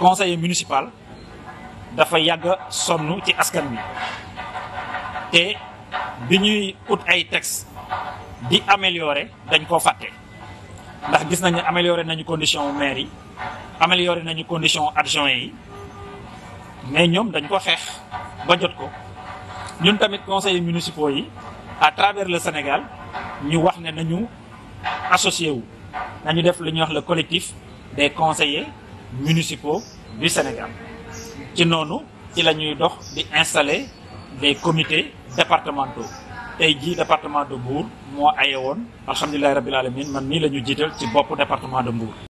conseiller municipal dafa yàgg sonn ci askan bi te bi ñuy ut ay tex di améliorer dañ koo fàtte ndax gis nañu améliorer nañu condition maire yi améliorer nañu condition adjoint yi mais ñoom dañ ko xeex ba jot ko ñun tamit conseillers municipaux yi à travers le Sénégal ñu wax ne nañu associé wu nañu def lu ñuy wax le collectif des conseiller municipaux du Sénégal ci noonu ci la ñuy dox di installé des comités départementaux tey jii département de Mbour moo aye woon alhamdulilahi rabil alamin man nii la ñu jiital ci bopp département de Mbour